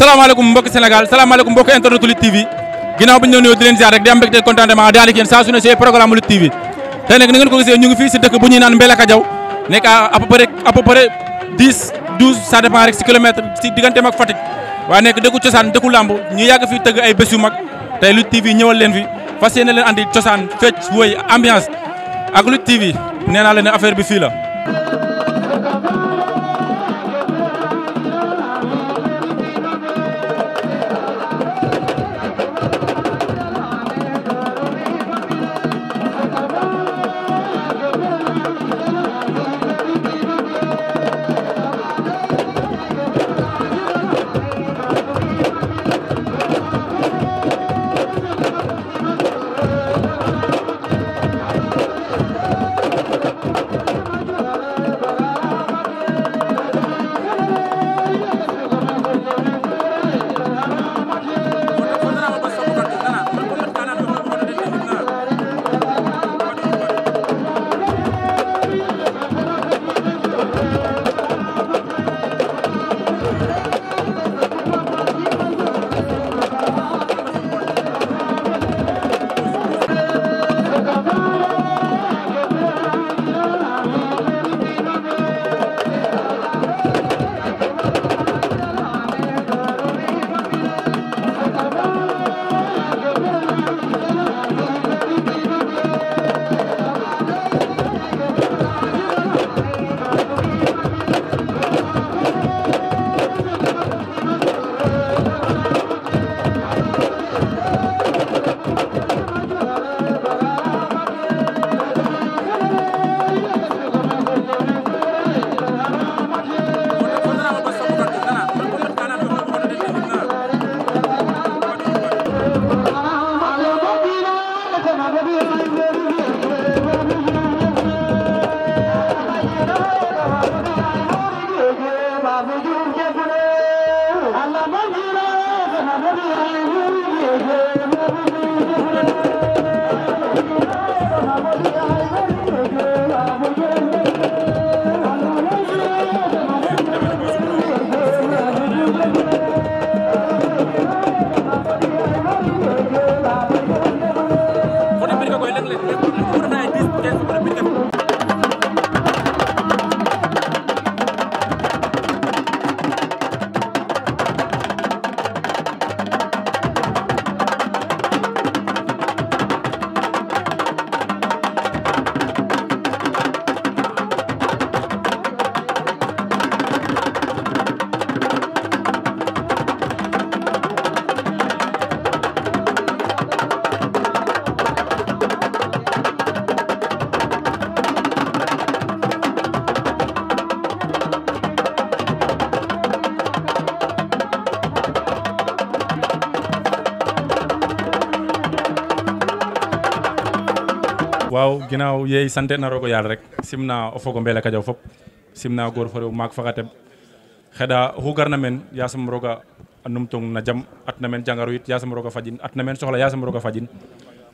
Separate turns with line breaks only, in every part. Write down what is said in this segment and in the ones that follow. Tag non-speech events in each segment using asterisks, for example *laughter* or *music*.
salaamaaleykum mbokki Sénégal salaamaaleykum mbokki internetu Lutte TV ginnaaw bi ñu doon nuyoo di leen ziar rek di am mbégte contentement daal di yéen saa su ne ci programme Lutte TV tey nag ni ngeen ko gisee ñu ngi fii ci dëkk bu ñuy naan Mbelaka Jaw nekk à peu près à peu près rek ci kilomètre ci digganteem ak Fatick nekk dëkku cosaan dëkku làmb ñu yàgg fii tëgg ay bés yu mag TV ñëwal leen fi fas yéene leen andi cosaan fecc woy ambiance ak Lutte TV nee naa leen affaire bi fii la ginaaw ginaaw yeey sante na roog o yaal rek simna o fog o mbela kajaw fop simna goor fo rew maak faxa teɓ xeɗa oxu garna meen yasam a numtong na jam atna meen jangaru yit yasam rooga fajin atna meen soxla yasam rooga fajin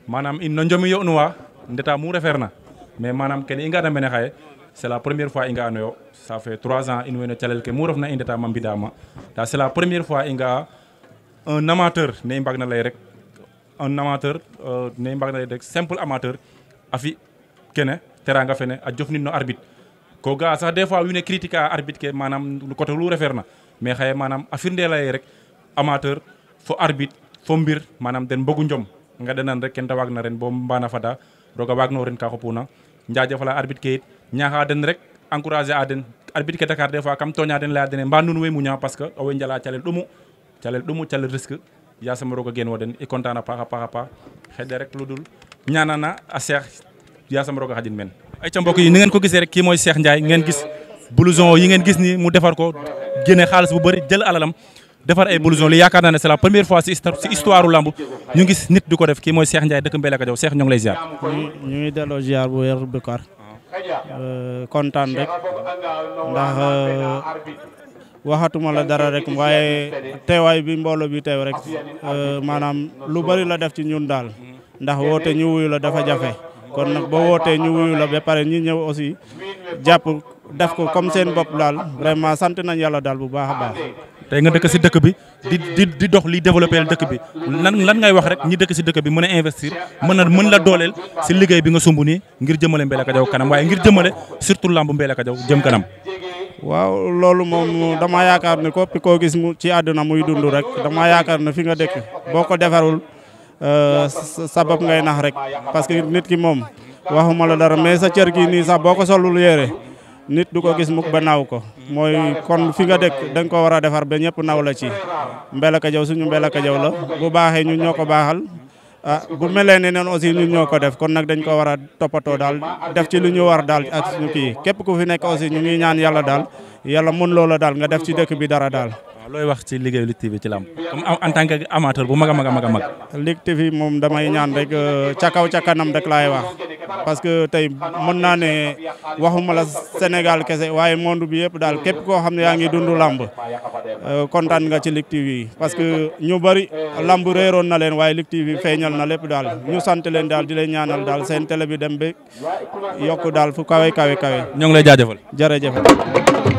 manam in no njomi yo nuwa ndeta mu refeer na mais manam kene i nga'na mene xaye c'est la première fois i nga'anoyo ça fait trois ans in way no calel ke mu refna i ndeta ma mbidama nda c'est la première fois i nga'a a amateur ne i mbagna lay rek un euh, afi kene teranga fene a jofnin no arbitre ko a sax de fois wiin we critique a arbitre ke manam coté lu refeer na mais xaye manam a firndeela ye rek amateur fo arbitre fo mbir manam den mbogu njom ngeɗanan rek ken te na ren bo mbana fada roga waag no ren ka xopuna njajafala arbitre ke yit ñaxa den rek encourager a den arbitre ke Dakar des fois kam tooña den laya dene mba nuun way muña parce que owey njala calel ɗomu calel ɗomu calel risque yasam roog a geen wa den i content a paax rek lu dul ñaanaa na a Cheikh yaa sam roog a xajin men ay ca mbokk yi ni ngeen ko gisee rek kii mooy Cheikh Ndiaye ngeen gis blouson yi ngeen gis ni mu defar ko génne xaalis bu bari jël alalam defar ay blouson yaakaar naa si c'est la première fois si histoire lamb ñu gis nit di ko def kii mooy Cheikh Ndiaye dëkk Mbélé Kadiaw Cheikh ñu ngi lay ziar.
ñu ngi delloo ziar bu wér bu kar euh, kontaan rek ndax euh, waxatuma la dara rek waaye teewaay bi mbooloo bi teew rek euh, maanaam lu bëri la def ci ñun daal. ndax woote ñu wuyu la kon nag ba wootee ñu wuyu la ba pare ñu ñëw aussi jàpp def ko comme seen bopp daal vraiment sant nañ yàlla daal bu baax a baax.
tey nga dëkk si dëkk bi di di di dox li développé dëkk bi lan lan ngay wax rek ñi dëkk si dëkk bi mën a investir mën a mën la dooleel si liggéey bi nga sumb nii ngir jëmale Mbéla Kajaw kanam waaye ngir jëmale surtout lamb Mbéla Kajaw jëm kanam.
waaw loolu moom dama yaakaar ne képp koo gis mu ci àdduna muy dund rek dama yaakaar ne fi nga dëkk boo Euh, sa bopp ngay nax rek parce que nit ki moom waxuma la dara mais sa cër gi nii sax boo ko solul yére nit du ko gis mukk ba naaw ko mooy kon fi nga dëkk dañ nga ko war a defar ba ñëpp naw la ci Mbelacka Diaw suñu Mbelacka Diaw la bu baaxee ñun ñoo ko baaxal ah bu melee ne noonu aussi ñun ñoo ko def kon nag dañ koo war a toppatoo daal def ci lu ñu war daal ak suñu kii képp ku fi nekk aussi ñu ngi ñaan yàlla daal yàlla mën loola daal nga def ci dëkk bi dara daal
looy wax ci liggéeyu Lutte TV ci lamb comme en tant que amateur bu mag a mag
a moom damay ñaan rek euh, ca kaw ca kanam rek laay wax parce que tey mën naa ne waxuma la Sénégal kese waaye monde bi yëpp daal képp koo xam ne yaa ngi dund lamb euh, kontaan nga ci Lutte TV parce que ñu bari lamb réeroon na leen waaye Lutte TV feeñal na lépp daal ñu sant leen daal di leen ñaanal daal seen télé bi dem ba yokk daal fu kawe kawe kawe. ñoo ngi lay jaajëfal jërëjëf.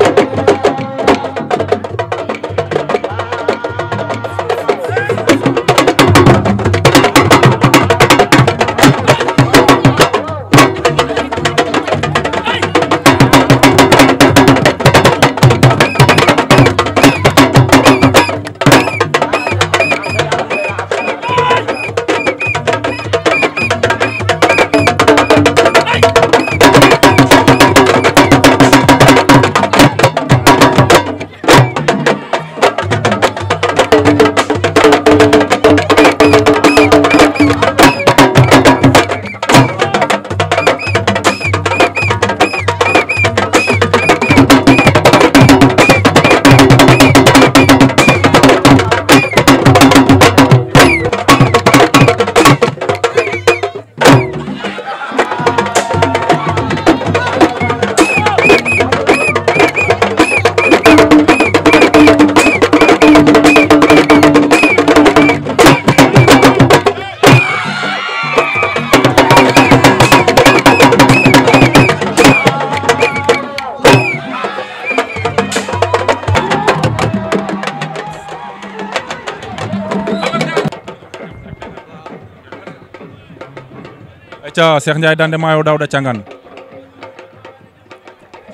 Danda Cheikh Ndiaye Dande maayo Daouda Thiangane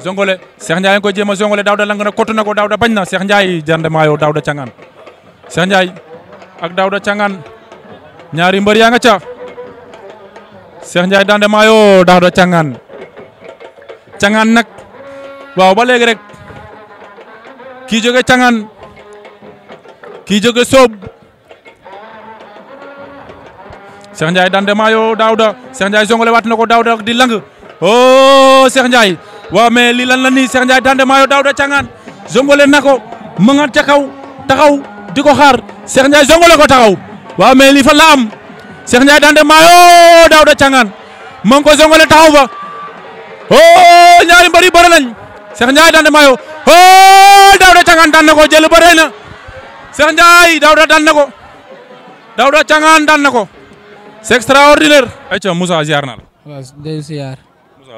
zongole nga koy jéem a zongole Daouda lang na kottu na ko Daouda bañ na Cheikh Ndiaye Dande maayo Daouda Thiangane Cheikh Ndiaye ak Daouda ñaari mbër nga ca Cheikh Ndiaye Dande maayo Daouda Thiangane nag waaw ba léegi rek kii jóge Thiangane kii jóge Soob Cheikh Ndiaye maayo Daouda Cheikh Ndiaye zongole waat ko Daouda di lang oh Cheikh Ndiaye waaw mais lan la nii Cheikh Ndiaye maayo Daouda cangaan zongole na ko ma nga ca taxaw di ko xaar Cheikh Ndiaye zongole ko taxaw waaw mais lii fan la am Cheikh Ndiaye maayo Daouda cangaan ma nga ko zongole taxaw ba oh ñaari mbër yi nañ Cheikh Ndiaye maayo oh Daouda cangaan daan na ko jël bëree na Cheikh Ndiaye Daouda na ko Daouda cangaan daan na ko. c'est extraordinaire. ayca Moussa ziar na la. waaw dellu si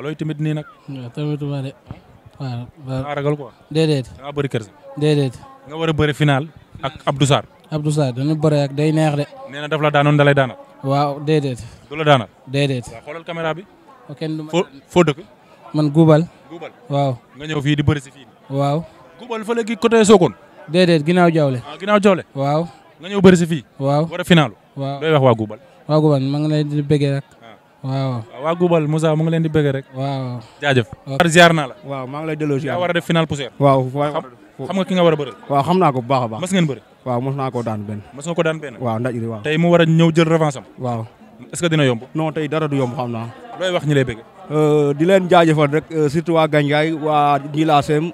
looy tamit nii nag. waaw tamit ma de waaw. waaw ragal nga bëri bëri final ak Abdou Sarr. Abdou Sarr ak day neex de. nee daf la daanoon dalay daanal. waaw déedéet. du la daanal. déedéet. waaw xoolal caméra bi. kenn du ma foo fii di bëri si fii. waaw. Jawle. ah Jawle. waaw. nga ñëw bëri si fii. waaw war a waaw waa Gubal ah. ah, ma ngi leen di bëggee rek. waaw waa Gubal Moussa mu ngi leen di bëggee
rek. waaw jaajëf. waaw ziar naa la. waaw maa ngi lay delloo ziar. yaa war a def final poussière. waaw xam nga ki war a bëri. waaw xam naa ko bu baax a baax. mas ngeen bëri. waaw mos naa koo ko daan benn. waaw ndaj li waaw. tey mu war a ñëw jël revanche am. waaw xam naa. looy wax ñi lay bëgg. Euh, di leen jaajëfal rek euh, surtout waa Gandiaye waa Gilasem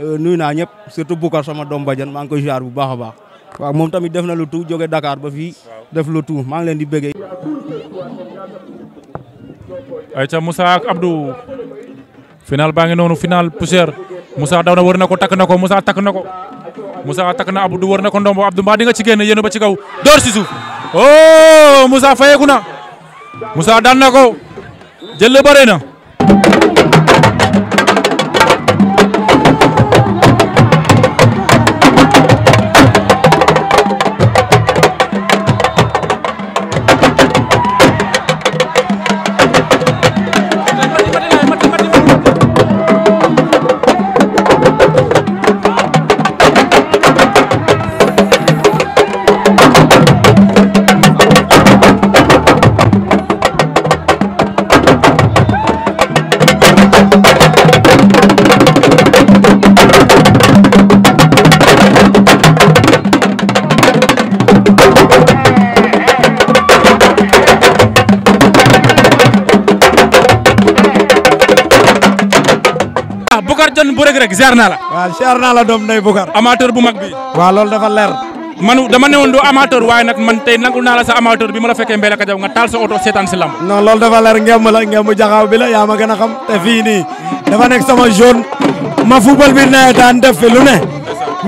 euh, nuyu naa ñëpp surtout Boucar sama doom bajan maa ngi koy ziar bu baax a baax waaw moom tamit def na lu tout jóge Dakar ba fii def lu tout maa ngi leen di bëggee ayca Moussa
ak Abdou final baa ngi noonu final poussière Moussa daw na wër na ko takk na ko Moussa takk na ko Moussa takk na Abdou wër na ko ndombo Abdou mbaa di nga ci génn yéen ba ci kaw door si suuf oh Moussa fayeeku na musa daan na ko jël na. Tyson bu Reug Reug ziar naa la.
waaw ziar naa la doom Ndeye
Boucar. amateur bu mag bi. waaw loolu dafa leer. man dama newoon doo amateur waaye nag man tey nangul naa la sa amateur bi ma la fekkee Mbélék Diaw nga taal sa oto seetaan si lamb.
non loolu dafa leer ngem la ngemu jaxaw bi la yaa ma gën a xam te fii nii dafa nekk sama zone ma football bi nawetaan def fi lu ne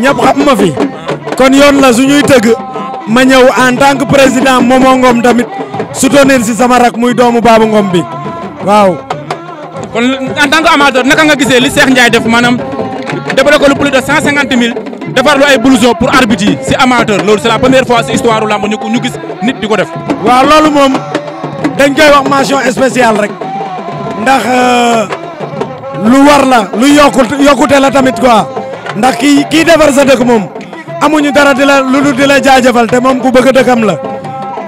ñëpp xam ma fi kon yoon la suñuy tëgg ma ñëw en tant que président Momo Ngom si sama rak muy doomu Babou Ngom
kon en tant que amateur naka nga gisee li Cheikh Ndiaye def maanaam débloqué ko lu plus de 150 000 defar lu ay blouson pour arbitre yi si amateur loolu c'est la première fois si histoire u làmb ñu gis nit
di ko def. waaw loolu moom dañ koy wax mention spéciale rek ndax euh, lu war la lu yokkute yokkute la tamit quoi ndax kii kii defar sa dëkk moom amuñu dara di la lu dul di la jaajëfal te moom ku bëgg dëkkam la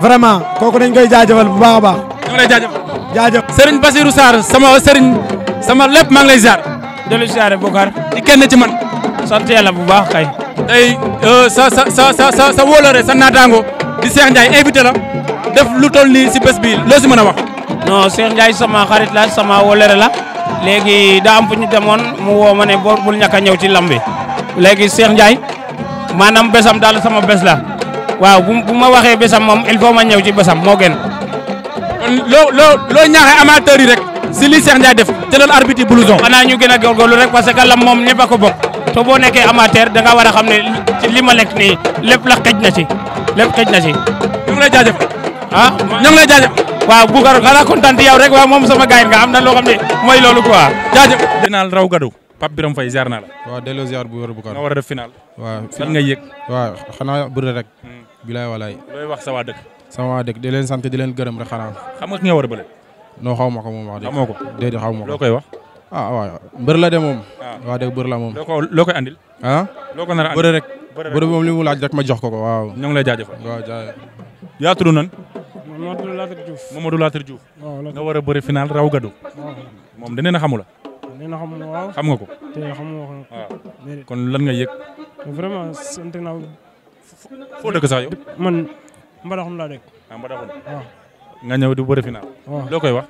vraiment kooku dañ koy jaajëfal bu baax baax. ñu ngi lay jaajëfal jaajëf Serigne Basirou sama
Serigne sama lépp man ngi lay ziar. dellu ziar Bokar. di kenn ci man. sant yàlla bu baax kay. Euh, sa sa sa sa sa sa naataango di Cheikh Ndiaye invité la
def lu toll nii si bés bi loo si mën a wax. non Cheikh Ndiaye sama xarit la sama wóolore la. léegi daa am fu ñu demoon mu woo ma ne boo bul ñàkk a ñëw ci lamb bi léegi Cheikh Ndiaye maanaam besam daal sama bés la waaw bu ma waxee besam moom il faut ma ci besam moo gën. loo loo loo ñaaxee amateur yi rek si li Cheikh Ndiaye def te loolu arbitre blouson. xanaa ñu gën a góorgóorlu rek parce que lam moom ñëpp a ko bokk to boo nekkee amateur da nga a xam ne ci li ma lekk nii lépp la xëj na ci lépp xëj na ci. ñu ngi lay jaajëfal ah ñu ngi lay jaajëfal. waaw Boucar xanaa kontaan ci yow rek waaw moom sama gars yi am na loo xam ne mooy loolu quoi
jaajëf. final raw gadu Pape Birame Faye ziar naa waaw delloo ziar bu wér bu ko. a yëg. waaw xanaa bëri rek. Hmm. bilaay walaay. sama waa dëkk di leen sant di leen gërëm rek xanaa. xam nga ki nga war a ko moom wax dëgg. ko déedéet xaw ma ko loo koy wax. ah waaw mbër la de moom. Ah. waaw wax dëgg mbër la moom. loo ko loo koy andil. ah loo ko nar a andil bëre rek. bëre moom li mu ma jox ko ko waaw. ñoo ngi lay jaajëfal waaw jaajëf. yaa tudd nan.
Mamadou Latir Diouf. Mamadou Latir Diouf. waaw nga war a bëri final raw gadu. moom dinañ la a dinañ la xamul waaw. xam nga ko. te xam nga ko waaw.
kon lan nga yëg.
vraiment sant naa. foo dëkk sax yow. Mbadakhoune laa dëkk. ah Mbadakhoune. waaw
nga ñëw di bëri final. waaw wax.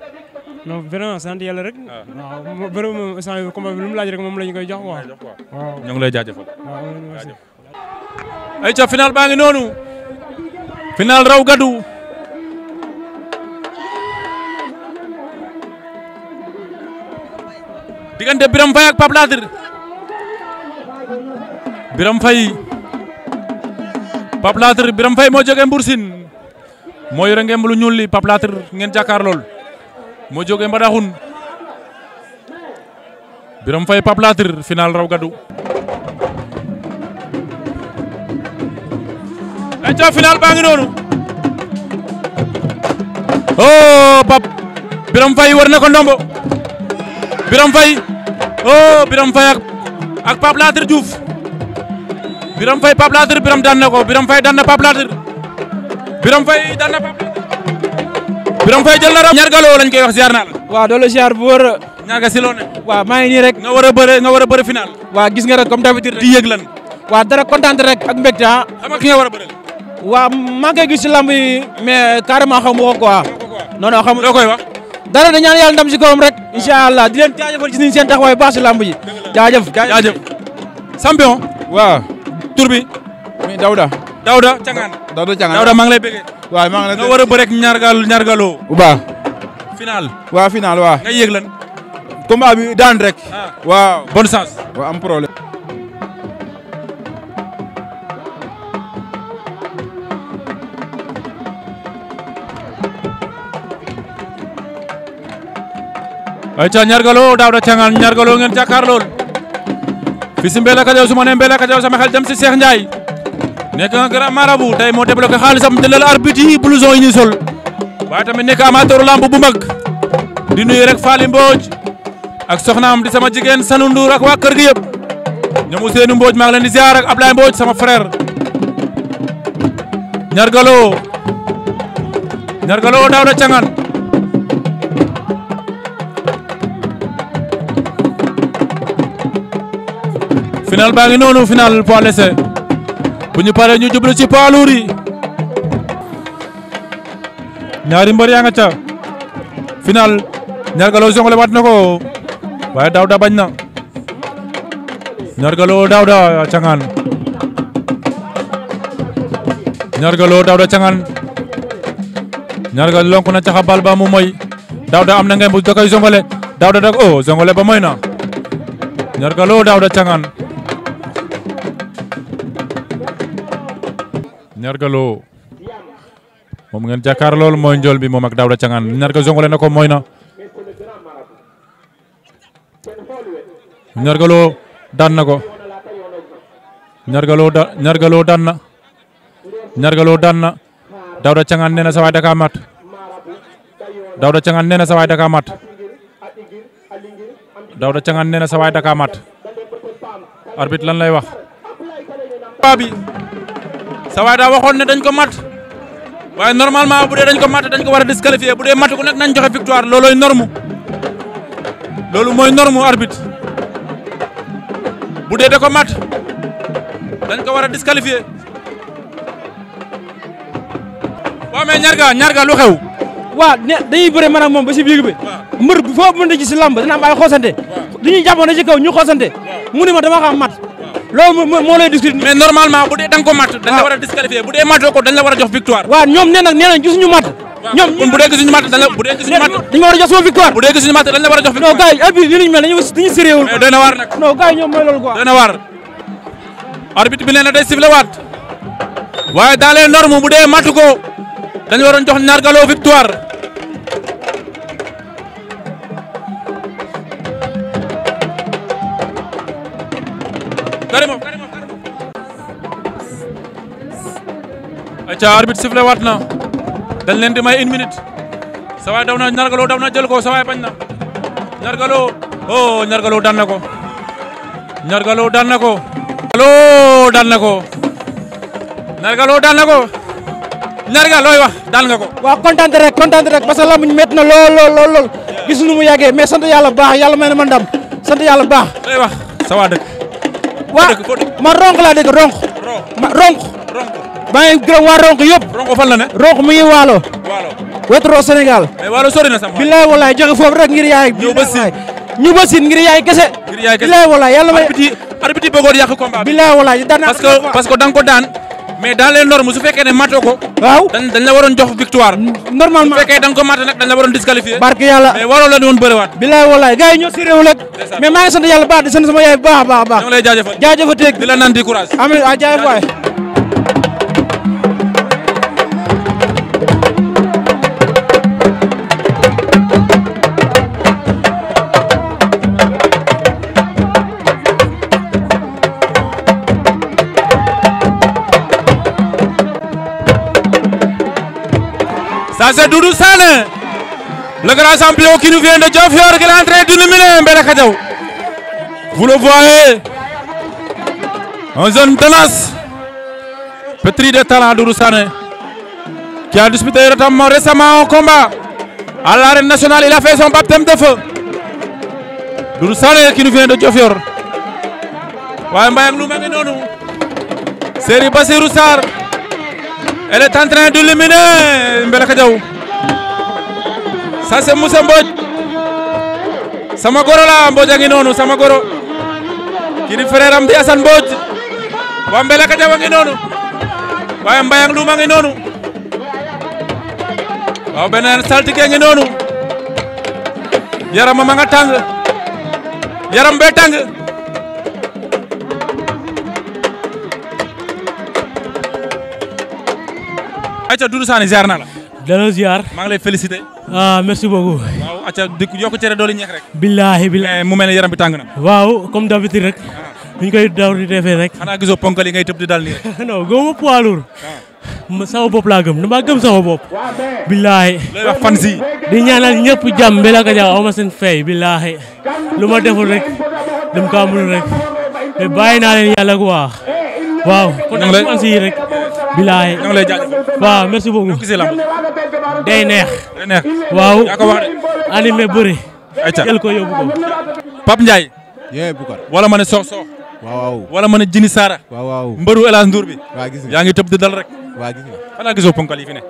non vraiment sant yàlla rek. Ah. waaw waaw bëri moom sant bi mu laaj rek moom la ñu koy jox waaw. waaw ñu ngi lay jaajëfal. waaw jaajëf.
ayca final noonu. final raw gadu. diggante Biram Faye ak Pape Ladir Biram Faye Pape Latir Birame Faye moo jógee Mbour Sine moo yore ngemb lu ñuul li Pape ngeen jàkkaar lool moo jógee Mbadakhoune Birame Faye Pape Latir final raw gadu aca final baa noonu oh Pape Birame Faye war na ko ndombo Birame Faye oh Birame Faye ak ak Pape Birame Faye Pape Latir Birame daan na ko Birame Faye daan na Pape Latir Birame Faye daan na Pape Latir Birame Faye jël na rab ñaar galoo lañ koy wax ziar naa la.
waaw doo la ziar bu wër.
ñaaga si loo ne. waaw maa ngi nii rek. nga war a bëre nga war a bëre final. waaw gis nga rek comme d'habitude. di yëg lan. waaw dara kontaan rek ak mbégte ah. xam nga ki nga war a bëre. waaw maa ngi koy gis si lamb yi mais carrément xamu ko quoi. non non xamu loo koy wax. dara dañu ñaan yàlla ndam si kawam rek. incha allah di leen jaajëfal ci seen taxawaay baax si lamb ji. jaajëf jaajëf champion waaw tur bi. muy Dawda. Dawda Cangaan. Dawda Cangaan Dawda maa lay bëggee. waaw maa lay nga war a bëreeg ñaargal ñaargaloo. waaw. final. waaw final nga yëg lan. combat bi daan rek. Ah. waaw bonne chance. waaw am problème. ayca ñaargaloo Dawda Cangaan ñaargaloo ngeen jàkkaarlool. fi si Mbella Kadiaw su ma nee Mbella Kadiaw sama xel dem si Cheikh Ndiaye nekk un grand marabout tey moo débloqué xaalisam di lal arbitre yi blouson sol waaye tamit nekk amateur lamb bu mag di nuyu rek Faly Mbodj ak soxnaam di sama jigéen Sanu Ndour ak waa kër gi yëpp ñoom Ousseynou Mbodj maa ngi leen di ziar ak sama frère ñargaloo ñargaloo daaw cangan final baa ngi noonu final poids léger bu ñu paree ñu jublu ci poids lourd yi ñaari mbër yaa nga ca final ñargaloo zongale waat na waaye Daouda bañ na ñargaloo Daouda cangaan ñargaloo Daouda cangaan ñargal lonk na caxa bal ba mu moy Daouda am na bu da koy zongale Daouda dak oh, ba moy na ñargaloo Daouda cangaan Ñarga moom ngeen jàkkaar lool mooy njool bi moom ak Daouda Thiangane Ñarga jongole ko mooy na Ñarga na ko Ñarga Lo da Ñarga Lo daan da kaa mat Daouda Thiangane nee na sa lan lay wax baabi sa waay daa waxoon ne dañ ko mat waaye normalement bu dee dañ ko mat dañ ko war a disqualifier bu dee mat ku nekk nañ joxe victoire loolooy norme loolu mooy norme arbitre bu dee da ko mat dañ ko war a disqualifier
waaw mais
ñarga ñarga lu xew waaw ne dañuy bëre man moom ba si biir bi mbër bu foo mën a gis si lamb dina am ay xoosante li ñuy jàppoon ci kaw ñu xoosante mu ne ma dama xam mat loolu moo moo
lay discuter. mais bu dee da ko mat. dañ la ah. war a disqualifier bu dee matoo ko dañ la war a jox victoire. waaw ñoom nee na nee na mat. ñoom bu dee gisuñu mat dañ la bu dee gisuñu mat. dañ ma war jox sama victoire. bu dee gisuñu mat dañ la war a jox victoire. non gars yi abi dañu dañu sérieux. mais doy waaye dans les bu dee matu ko dañu waroon jox Ndiar victoire dari moom aca arbitre sifflé waat na dañ leen di may une minute sa waay daw na ñargaloo daw na jël ko sa waay bañ na ñargaloo oh ñargaloo daan na ko ñargaloo daan na ko ñargaloo daan na ko o daan na ko ñarga looy wax daan
nga ko waaw kontaan rek kontaan rek parce que lamuñ métti na loo lool lool lool gis nu mu yàggee mais sant yàlla baax yàlla may na ma ndam sant yàlla baax looy wax sa waa dëkk waa man ronk
laa dégg ronk. ma ronk. maa ngi gërëm waa ronk yëpp. ronk fan la ne. ronk mi ngi waalo. waalo wetu Sénégal. mais waalo sori na sax. bilaay walaay joxe foofu rek ngir yaay. ñëw ba ngir yaay kese. ngir yaay kese bilaay walaay yàlla may. arbitre yi bëggoon yàq parce que da daan mais dans les normes su fekkee ne matoo ko. waaw dañ la waroon jox victoire. normalement su fekkee da nga ko mat dañ la waroon disqualifié. barke
yàlla mais leen woon bëriwaat. bilaay walaay gars ñoo si réew rek. maa ngi sant yàlla baax sama yaay bu baax a baax. ñoo ngi teeg di la waay.
Ça c'est Doudou Sané le grand champion qui nous vient de Diofior qui est en train d'illuminer Mbelakadiaw vous le voyez un jeune tenace pétri de talent Doudou Sané qui a disputé notamment récemment un combat à l'arène nationale il a fait son baptême de feu Doudou Sané qui nous vient lu mel noonu Serigne Bassirou Sarr Elle est en train d'illuminer Mbelaka Diaw ça c'est la Mbodj a ngi noonu sama goro kii di frère am di Assane Mbodj waa Mbelaka Diaw a ngi noonu waaye Mbayang Loum noonu waaw beneen saltige ngi noonu yaram ma nga tàng yaram bee tàng Aïcha Doudou Sané ziar naa la. delloo ziar. maa ngi lay félicité. ah merci beaucoup. waaw Aïcha di yokk cere doole ñeex rek. billaahi billaahi eh, mu mel ne yaram bi tàng na. waaw comme d'habitude rek. Ah. ni ñu koy daw di defee rek. xanaa gisoo ponkal yi ngay tëb di dal nii *laughs* ah.
gëm damaa gëm sama bopp. la ko jaaw aw ma seen fay billaahi lu ma deful rek dama kaa mënul rek te bàyyi naa leen yàlla ku waaw kon nag fan bilaay waaw merci beaucoup
day neex waaw animé bëri jël ko yóbbu ko Pape Ndiaye yee Boucar wala ma ne sox sox waaw wala ma ne Jini Sara waaw mbëru El Hadj Ndour bi waa gis nga yaa ngi tëb di rek waa gis nga xanaa gisoo ponkal yi fi ne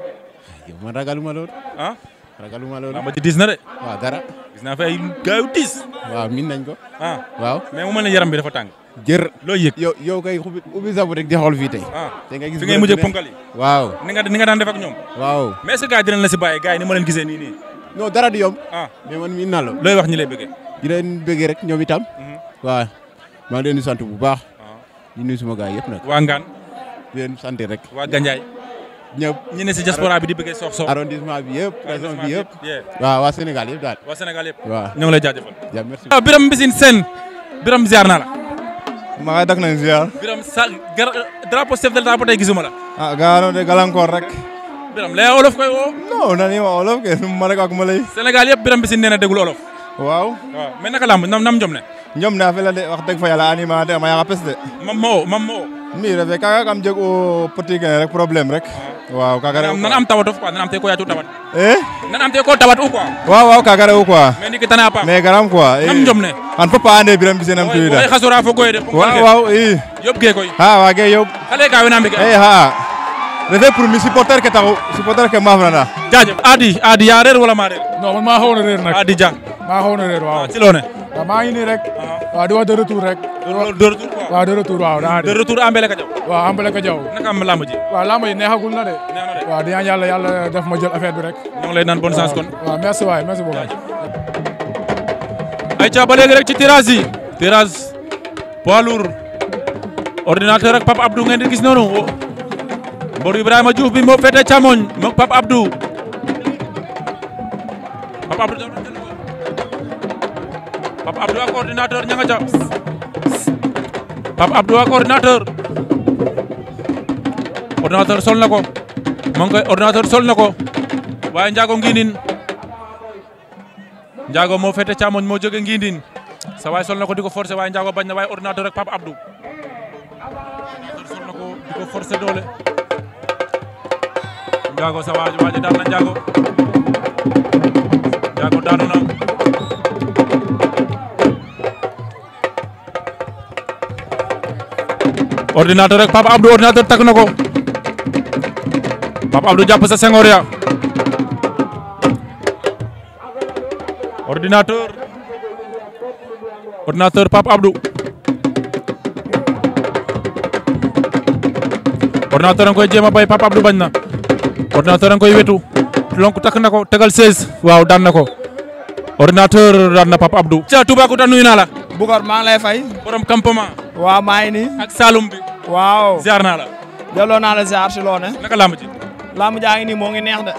man ragaluma loolu ah ragaluma loolu ah, ma ci diis na de waaw dara gis naa fi ay gaayu diis
waaw min nañ ko ah waaw mais mu mel ne yaram bi dafa tàng jër looy yëg yow yow kay ubbi sa rek di xool fii tey. Ah. te nga gis fi ngay mujjee ponkal yi. waaw ni nga ni nga daan def ak ñoom. waaw
mais est-ce que gars yi dinañ la si bàyyi gars yi ni ma leen gisee nii nii. non dara du yomb. Ah. mais man mii naa la. looy wax ñi lay
bëggee. rek ñoom itam. Mhm. waaw maa ngi leen bu baax. Ah. di nuyu suma gars yëpp nag. waa Ngaan. ñi ne si diaspora di
bëggee sox sox. arrondissement bi yëpp région bi yëpp. waaw waa Sénégal yëpp daal. waa Sénégal yëpp. waaw ñoo ngi lay naa la maa ngay dak nañ ziar. Birame sa drapeau chef de l'État ba gisuma la.
ah gaaw de gàllankoor rek. Birame lay olof koy woo. non na ni ma olof kay ma rek ak ma lay.
Sénégal yëpp Birame bi si nee na déglu olof. waaw. waaw naka lamb nam njom ne. njom ne affaire la de wax dëgg fa yàlla anima de ma yaxa pes de. mam mo mam mo. mi refe kaga kam jeg o petit rek problème rek. Ah. waaw kaga rek u eh? quoi. waaw waaw kaga rek eh. nam njom ne. an fopa ande biram bise nam tuwi da. waaw fo goy de. waaw waaw i. yob ge koy. ka wena mbike. eh ha. refe pour mi supporter ke taxu supporter ke maf nana. jaajëf Adi Adi yaa reer wala maa reer. non man maa xawoon a reer nag Adi Dia. maa xawoon na réer ah, maa ngi nii rek. Ah. waaw di wa de rek. de retour waaw waaw de retour waaw. de retour à Mbellacadiao. waaw à Mbellacadiao. am làmb ji. waaw làmb ji neexagul na de. neex na de di ñaan yàlla yàlla def ma jël affaire bi rek. ñoo ngi lay naan bonne chance kon. waaw merci waay merci beaucoup. ayca ba léegi rek ci tirage yi. tirage poids lourd ordinateur ak Pape gis noonu mbor Ibrahima Diouf bi moo féete càmmoñ moog Pape Abdou Pape Abdou ak ordinateur ña sol na ko mo ngi koy sol na ko waaye Ndiago Nguindine Ndiago moo féete càmmoñ moo jóge Nguindine sa waay sol na ko di ko forcer waaye Ndiago bañ na waaye ordinateur ak Pape Abdou ordinateur sol na ko di ko doole Ndiago sa waay waaji daan na Ndiago Ndiago daanu ordinateur ak Papa Abdou ordinateur takk na ko Papa Abdou jàpp sa sengoor ya ordinateur ordinateur Papa Abdou ordinateur koy jéem a bay Papa na ordinateur a koy wetu lonk takk na ko tegal 16 waaw daan na ko ordinateur daan na Papa Abdou.
ca Toubacouta nuyu naa la. Boucar maa ngi lay fay. borom maa ngi nii. ak Saloum bi. waaw ziar naa la. delloo naa la ziar si loo ne. naka jaa ngi nii moo ngi neex de.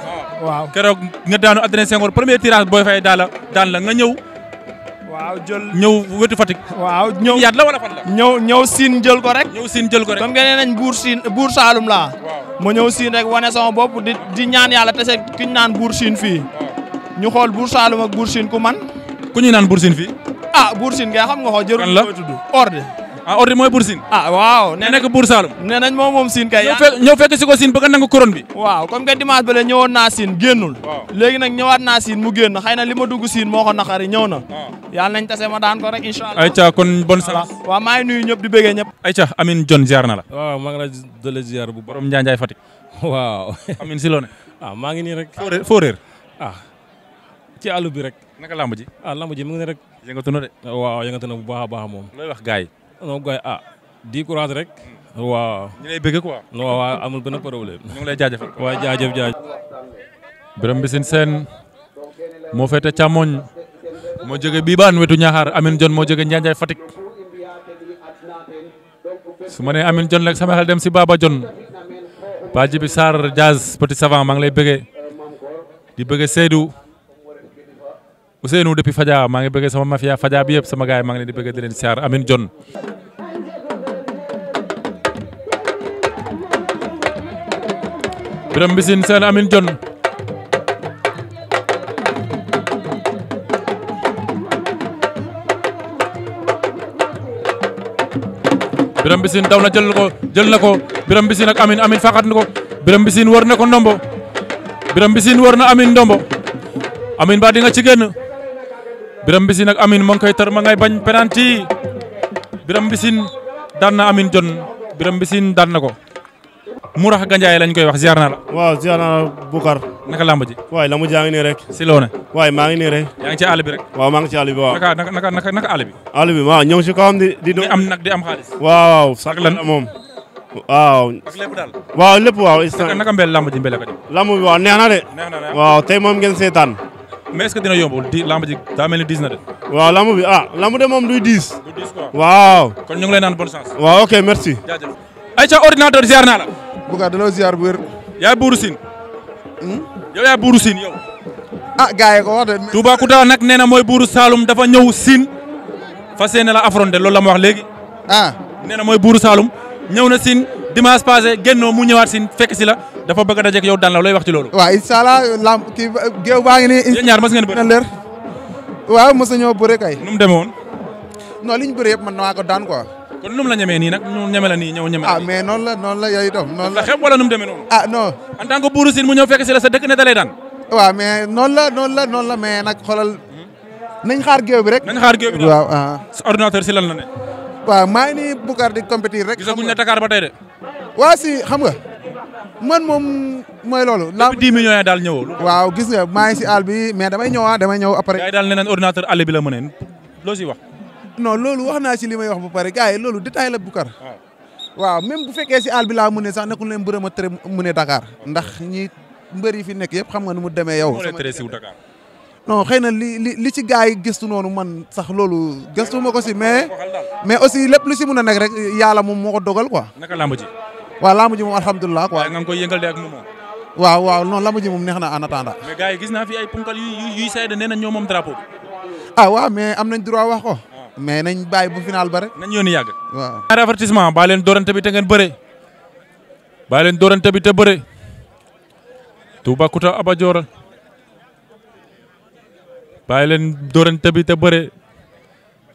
waaw
keroog nga daanu Adrien Senghor premier tirage booy fay daala la daan la nga ñëw.
waaw jël ñëw wetu Fatick. waaw ñëw yaat la wala fan la. ñëw ñëw siin jël ko rek. ñëw siin jël ko rek comme que nañ buur siin buur Saalum laa. ma ñëw siin rek wane sama bopp di ñaan yàlla tese ki ñu naan buur siin fii. ñu xool buur Saalum ak buur siin ku man. ku ñuy naan buur siin fii. ah buur siin ngay xam nga ko jëru. kan la tudd
ordre. ah ordi mooy Bour ah, waaw nee nekk
Bour Saloum. nee nañ moom moom Sine kay. ñëw fekk ñëw fekk si ko Sine ba nga nangu couronne bi. waaw comme que dimanche ba la ñëwoon naa Sine génnul. léegi nag ñëwaat naa Sine mu génn xëy na li ma dugg Sine ko naqari ñëw na. Ah. yàlla nañ tase ma daan ko rek incha
kon bonne chance. Ah. waaw maa ngi nuyu ñëpp di bëggee ñëpp. ayca Amine John ziar na la. waaw maa ngi la doole ziar bu borom Njaanjaay Fatick. waaw Amine si loo ne. *laughs* maa ngi nii rek. foo réer foo réer. ci àll bi rek. naka lamb ji. ah lamb ji mu ngi ne rek. yëngatu na de. waaw yëngatu na bu baax baax moom. looy wax gars yi non gars ah di courage rek. waaw. ñu lay bëgg quoi. non waaw amul benn problème. moo féete càmmoñ moo jóge Biibaan wetu Ñaaxaar Amine moo jóge Njaanjaay Fatick su ma nee Amine John rek sama xel dem si Baba John Paa Jibi Sarr Diaz petit savant maa lay bëggee di bëggee Seydou Ousseynou depuis Fadia maa ngi bëggee sama mafia Fadia bi yëpp sama gars yi maa ngi leen di bëggee di leen Birame Mbissine Sène Amine Dione Birame Mbissine daw na jël ko jël na ko Birame Mbissine ak Amine Amine na ko Birame Mbissine war na ko ndombo Birame Mbissine war na Amine ndombo Amine ba di nga ci génn Birame Mbissine ak Amine ma ngi koy tar ma ngay bañ penalty Birame Mbissine daan na Amine Dione Birame
Mbissine daan na ko Mourax Gandiaye lañ koy wax ziar naa la. waaw ziar naa la Boucar. naka làmb ji. waay làmb ji yaa ngi nii rek. si loo ne. waay maa ngi nii rek. yaa ngi ci àll bi rek. waaw maa ngi ci àll bi waaw. naka naka waaw ñëw si kawam di di. waaw sax moom. waaw. ak waaw lépp naka naka mbel ji mbel ko def. làmb bi waaw neex na de. neex na de waaw tey moom ngeen seetaan.
mais est-ce que dina yombul di làmb ji daa diis na de.
waaw làmb bi ah làmb de moom duy diis. du diis quoi waaw. kon ñu ngi lay naan ok merci. jaajëf.
ayca ordinateur ziar naa la Boucar dañoo ziar bu wér. yaay buuru siin.
Hmm? yow yaay buuru siin yow.
ah yi ko wax de.
Toubacouta nag nee na mooy buuru Saalum dafa ñëw siin fas yéene la affronter loolu la mu wax léegi. ah na mooy buuru Saalum ñëw na siin dimanche passé génnoo mu ñëwaat siin fekk si la dafa bëgg a dajeeg yow daan la looy wax ci loolu.
waaw incha allah lamb kii baa ngi nii. ñaar mos ngeen bëri leer. waaw mos a ñëw bëre kay. nu mu demee woon. non li ñu bëre yëpp man maa ko daan quoi.
kon nu la ñemee nii nag nu ñeme la nii ñëw ñeme
ah mais noonu la noon la yooyu itam noonu
la xeeb wala nu mu demee noonu ah non en tant que buuru siin mu ñëw fekk si la sa dëkk ne
daan waaw mais noonu la noonu la noonu la mais nag xoolal nañ xaar géew rek nañ xaar géew bi waaw ah ordinateur si la la ne waaw maa ngi nii Boucar di compétir rek gisaguñ la kaar ba tey de waa si xam nga man moom mooy loolu. laa dix millions yi daal ñëwul. waaw gis nga maa ngi si àll bi mais damay ñëwaat ah, damay ñëw après. gars
yi daal ordinateur àll bi la mëneen
loo siy wax. non loolu wax na si li may wax ba pare gars yi loolu détail la Boucar waaw même bu fekkee si àll bi laa mu ne sax nekkul ne mbërëm tere mu ne ndax ñi mbër yi fi nekk yëpp xam nga nu mu demee yow non xëy na li li li ci yi gëstu noonu man sax loolu gëstu ma ko si mais mais aussi lépp lu si mun a nekk rek yàlla moom moo ko dogal quoi naka lamb ji waaw lamb ji moom alhamdulilah quoi nga koy waaw waaw non lamb ji moom na en attendant
mais gars yi gis naa fi ay punkal yuy sayda nee na ñoo moom drapeau bi
ah waaw mais am nañ droit wax mais nañ baay bu final ba nañ yooni yàgg. waaw. ñaari avertissement baa leen doorante bi ngeen
bëre. baa leen doorante bi te bëre. Toubacouta Abadiora. baa leen doorante bi te bëre.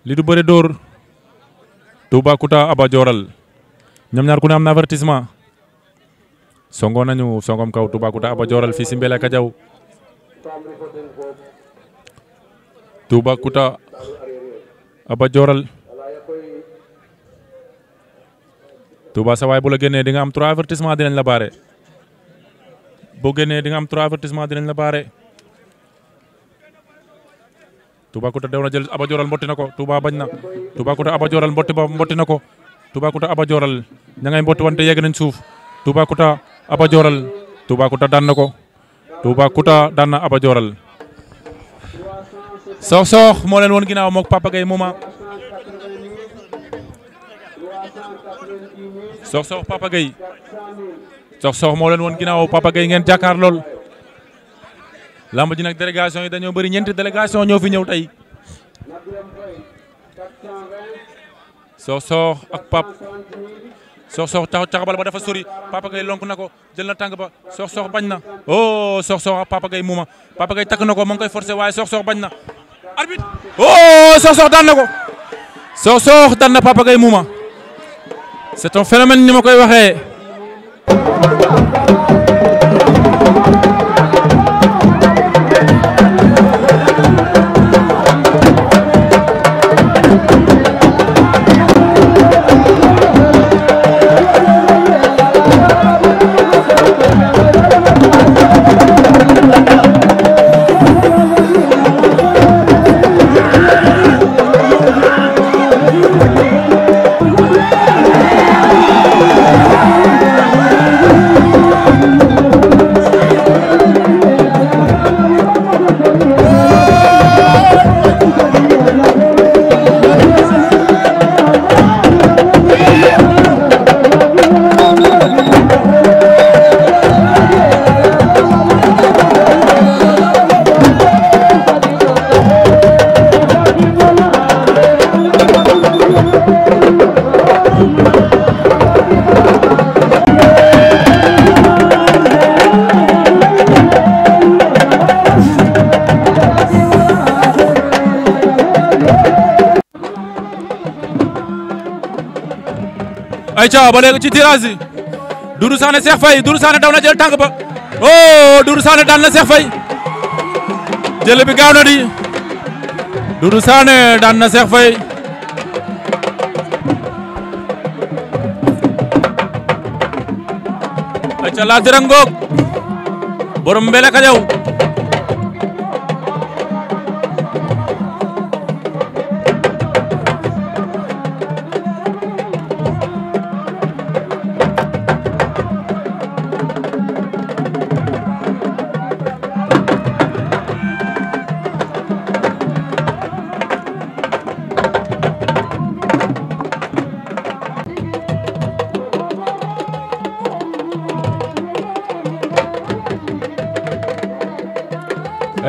li du bëre door. Toubacouta Abadioral. ñoom ñaar ku ne am na avertissement. songo nañu songom kaw Toubacouta Abadioral fii si Mbélé Kadiaw. Toubacouta. aba jooral Touba sa waay bu la génnee di nga am trois avertissement dinañ la baare boo génnee dinga nga am trois avertissement dinañ la baare Toubacouta dew na jël aba jooral mbotti na ko Touba bañ na Toubacouta aba jooral mbotti ba mbotti na ko Toubacouta aba jooral ña ngay mbotti wante yegg nañ suuf Toubacouta aba jooral Toubacouta daan na ko Toubacouta daan na aba jooral soox soox moo leen woon ginnaaw mook Papa Gueye Mouma soox soox moo leen woon ginnaaw Papa Gueye ngeen jàkkaar lool lamb ji nag délégation yi dañoo bari ñeenti délégation ñoo fi ñëw tey soox soox ak pap soox soox taxaw taxabal ba dafa sori Papa Gueye lonk na ko jël na tàng ba soox sox bañ na oh soox soox ak Papa Gueye Mouma Papa Gueye takk na ko mu ngi koy forcé waaye soox soox bañ na arbitre oh Sokh Sokh daan na ko. Sokh Sokh daan na Papa Gaye Mouma. c'est un phénomène ni ma koy waxee. ayca ba léegi ci tirage yi Doudou Sané Cheikh Faye Doudou Sané daw na jël tànk ba oh Doudou Sané daan na Cheikh Faye jël bi gaaw na di Doudou Sané daan na Cheikh Faye ayca laatira ngoog borom mbele ka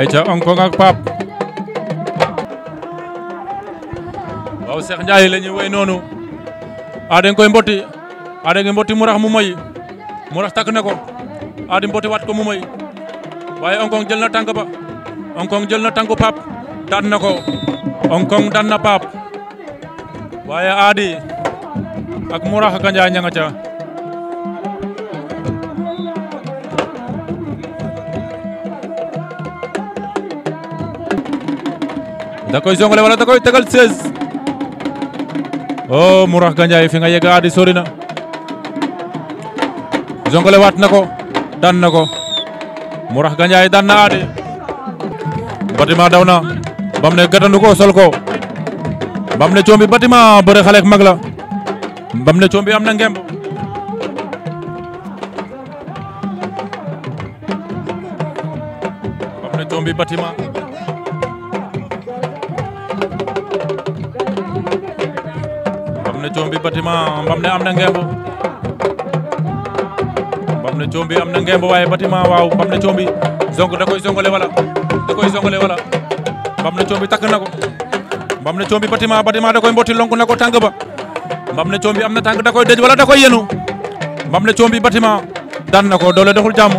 ayca onkong ak Pape waaw Cheikh Ndiaye la ñuy way noonu a den koy mboti a den mboti mu mu moy mu takk na ko a mboti waat ko mu moy waaye onkong jël na tànk ba onkong jël na tànku Pape daan na ko onkong daan na Pape waaye aadi ak mu rax ganja ca da koy zongale wala da koy tegal 16 oh Mourax Gandiaye fi nga yegg aadi sori na zongale waat na ko daan na ko Mourax Gandiaye daan na aadi batiment daw na bam ne gàttandu ko sol ko bam ne coombi batiment bëre xale mag la bam ne coombi am na ngemb Batiment Mbam ne am na ngemb Mbam ne coombi am na ngemb waaye Batiment waaw Mbam ne coombi zong da koy zongale wala da koy zongale wala Mbam ne coombi takk na ko Mbam ne coombi Batiment Batiment da koy mbotti lonku na ko tàng ba Mbam ne coombi am na tàng da koy dëj wala da koy yenu Mbam ne coombi Batiment daan na ko doole doxul jàmm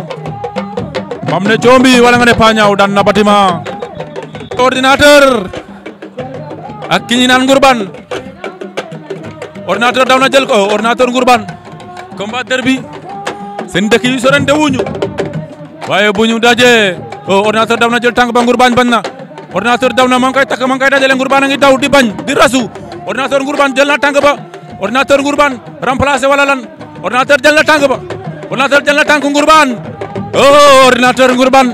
Mbam ne coombi wala nga ne pañaaw daan na Batiment ordinateur ak ki naan Ngurban ordinateur daw na jël ko ordinateur Ngourbaan combat derby seen dëkk yi sorante wuñu waaye bu ñu dajee oh, ordinateur daw na jël tànk ba Ngourbaan bañ na ordinateur daw na moo ngi koy takk moo ngi koy dajale Ngourbaan a ngi daw di bañ di rasu ordinateur Ngourbaan jël na tànk ba ordinateur Ngourbaan remplacé wala lan ordinateur jël na tànk ba ordinateur jël na tànk Ngourbaan oh ordinateur Ngourbaan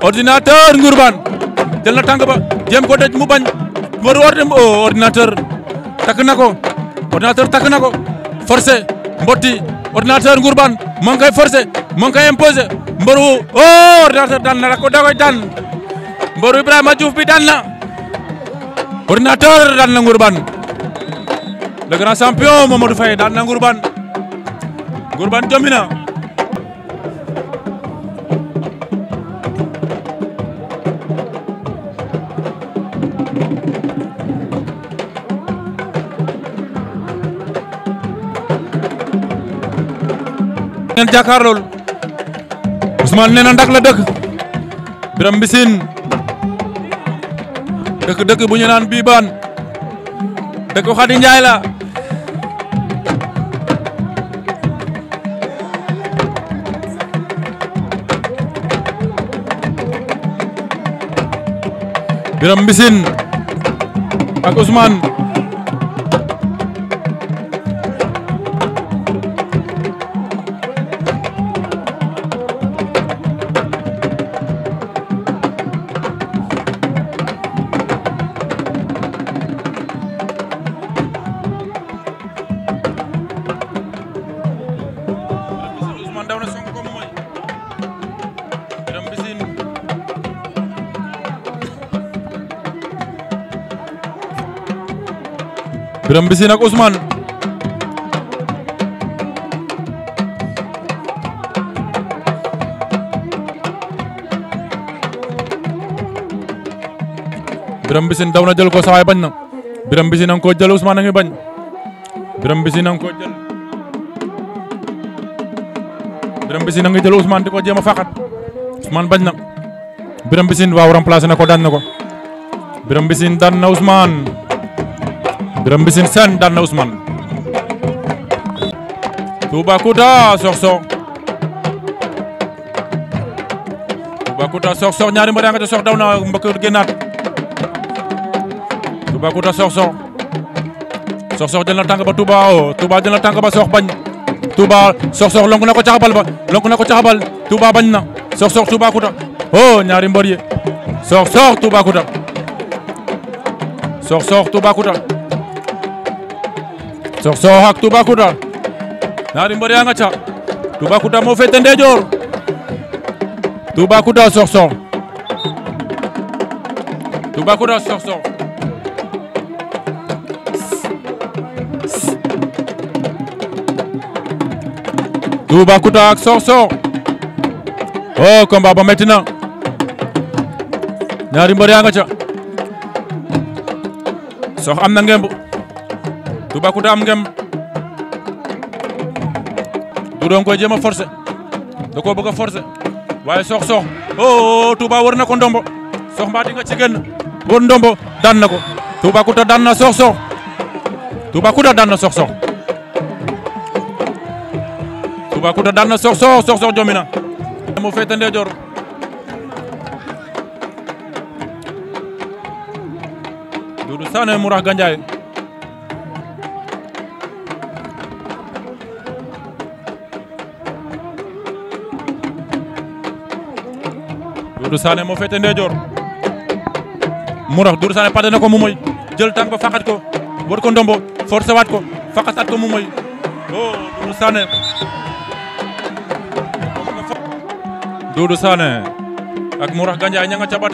ordinateur Ngourbaan jël na tànk ba jéem ko dëj mu bañ mu oh, ordinateur takk na ko ordinateur takk na ko forcé mbotti ordinateur Ngourbaan moo ngi forcé moo ngi imposé mbaru oh ordinateur daan na la ko da Ibrahima Diouf bi daan ordinateur daan na le grand champion Mamadou Faye daan na Ngourbaan jomina ngeen jàkkaar lool Ousmane nee na ndak la dëkk Birame Mbissine dëkk dëkk bu ñu naan Biibaan dëkk Xadi Njaay la Birame Mbissine ak Ousmane Mbissine ak Ousmane Biram Mbissine daw na jël ko sawaay bañ na Biram Mbissine nga ko jël Ousmane a ngi bañ Biram Mbissine nga ko jël Biram Mbissine a ngi jël Ousmane di ko jéem a faqat bañ na Biram Mbissine waaw remplacé na ko daan na ko Biram Mbissine daan na Ousmane Birame Mbissine Sène daan na Ousmane Toubacouta Sokhsokh Toubacouta Sokhsokh ñaari mbër yaa nga ca Sokhsokh daw na mbëkk génnaat Toubacouta Sokhsokh Sokhsokh jël na tànk ba Touba o oh, Touba jël na tànk ba Sokh bañ Touba Sokhsokh lonk na ko caxabal ba lonk na ko caxabal Touba bañ na Sokhsokh Toubacouta o oh, ñaari mbër yi Sokhsokh Toubacouta Sokhsokh Toubacouta Sokh Sokh ak Toubacouta ñaari mbër yaa nga ca Toubacouta moo féete ndeyjoor Toubacouta Sokh Sokh Toubacouta Sokh Sokh Toubacouta ak Sokh Sokh oh ba metti na ñaari mbër nga ca Sokh am na ngemb Toubacouta am ngem du doon koy jéem a forcé da koo bëgg a forcé waaye sox sox oh Touba war na ko ndombo sox mbaa di nga ci génn war ndombo daan na ko Toubacouta daan na sox sox Toubacouta daan na sox sox Toubacouta daan na sox sox sox sox jomi na mu féete ndeyjoor Doudou Sané Doudou Sané moo féete ndeyjoor mu rax Doudou Sané pàtte na ko mu moy jël tànk ba faqat ko war ko ndombo forcé waat ko faqataat ko mu moy oh Doudou Sané. Doudou Sané ak mu rax Gandiaye ña nga ca ba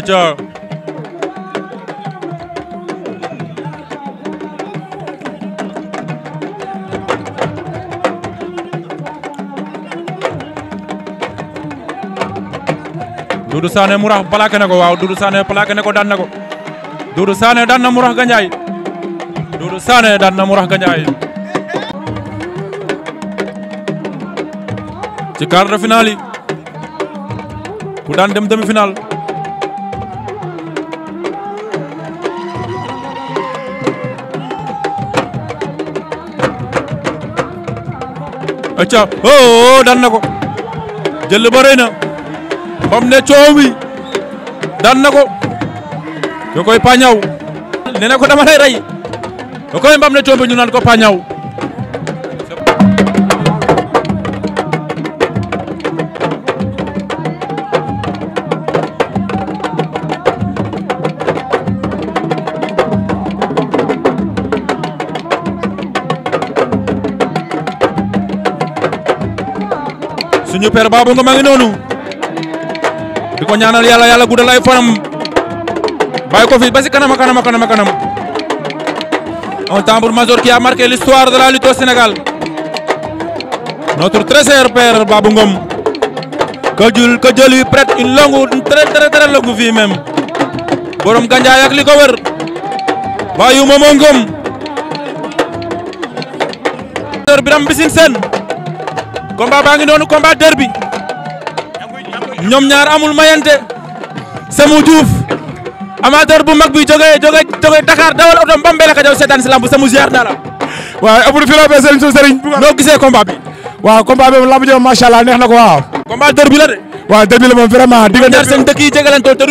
aca Doudou Sané Mourakh plaqué na ko waaw Doudou Sané plaqué na ko daan na ko Doudou Sané daan na Mourakh Gandiaye Doudou Sané daan na Mourakh Gandiaye ci quart de finale ku daan dem demi-finale acca oo oh, dan na ko jël ba rëy na bam ne coow mi na ko da pañaw nee na ko dama lay rey da koy mbam ne coow ñu naan ko pañaw suñu père Babou Ngom a ngi noonu di ko ñaanal yàlla yàlla guddal ay fanam bàyyi ko fi ba si kanam kanam kanam kanam un tambour a marqué l'histoire de la lutte au Sénégal notre très cher père Babou Ngom que Dieu que Dieu lui prête une longue une très très li ko wër bàyyi wu ma Ngom. Biram combat baa ngi noonu combat derby ñaar amul mayante Sémou Diouf amateur bu mag bi jógee jógee jógee Dakar dawal oto Mbambey ka jaw seetaan si lamb Sémou ziar naa la. waaw Abdou Fila be Serigne Sow Serigne. noo gisee combat bi. waaw combat bi lamb jëm macha allah neex na ko waaw. combat derby la de. waaw derby la moom vraiment. diggante ñaar seen dëkk yi jegalantoo te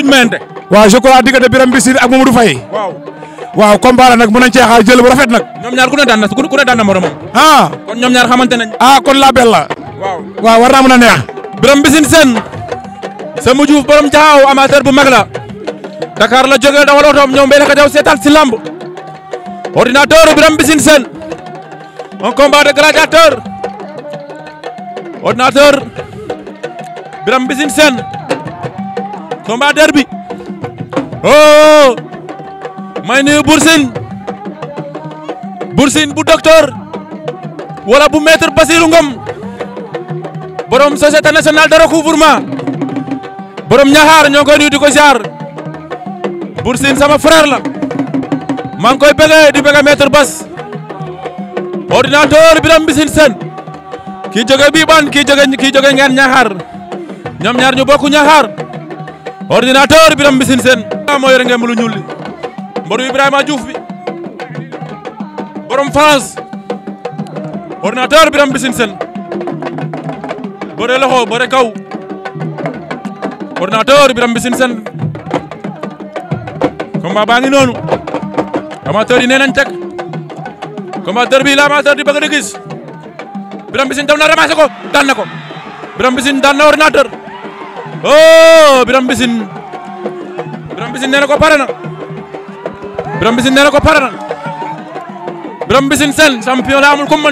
waaw je la nag mën nañ jël bu rafet nag. ñoom ñaar ku ne daan na ku ne daan ah. kon ñoom ah, la belle waa war naa mën a neex. Birame Mbissine Sène borom jaaw amateur bu mag la Dakar la jógee dawal ñoom Mbéyelaka Diaw seetal si lamb ordinateur Birame Mbissine Sène un combat de gladiateur ordinateur Birame Mbissine Sène combat oh! may nuyu Boursine Boursine bu docteur wala bu maître Basirou borom société nationale de recouvrement borom ñaxaar ñoo koy nuyu di ko ziar sama frère la maa ngi koy bëggee di bëggee maître Bass ordinateur Birame Mbissine Sène kii jóge bii ban kii jóge kii jóge ngeen ñaxaar ñoom ñaar ñu bokku ñaxaar ordinateur Birame Mbissine Sène moo yore ngeen lu ñuul li mbaru Ibrahima Diouf bi borom France ordinateur Birame Mbissine Sène bëre loxo bëre kaw ordinateur Birame Mbissine Sène combat baa ngi noonu amateur yi nee nañ teg combatteur bi la amateur di bëgg di gis Birame Mbissine daw na ramassé ko daan na ko Birame Mbissine daan na ordinateur oh Birame Mbissine Birame Mbissine ko pare na Birame Mbissine nee ko pare na Birame Mbissine Sène champion la amul ku mu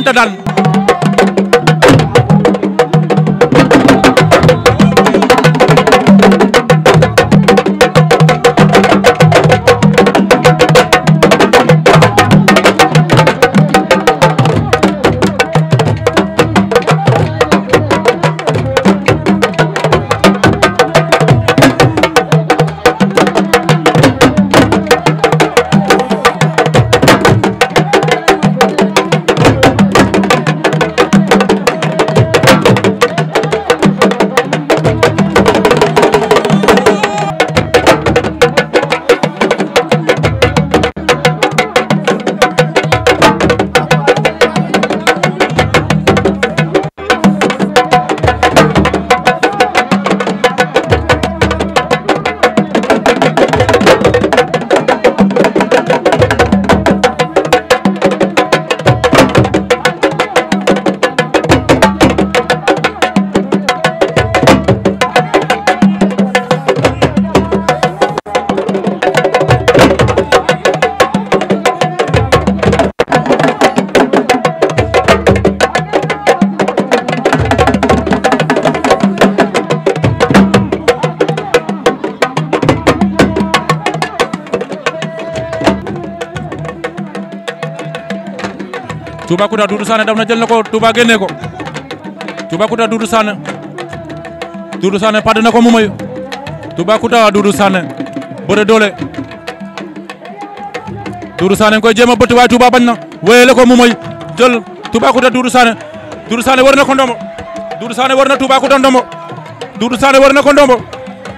Toubacouta Doudou Sané daf na jël na ko Touba génne ko Toubacouta Doudou Sané Doudou Sané padd na ko mu mayu Toubacouta Doudou Sané bëre doole Doudou Sané koy jéem a bëtt waaye Touba bañ na wéyale ko mu mayu jël Toubacouta Doudou Sané Doudou Sané war na ko ndombo Doudou Sané war na Toubacouta ndombo Doudou Sané war na ko ndombo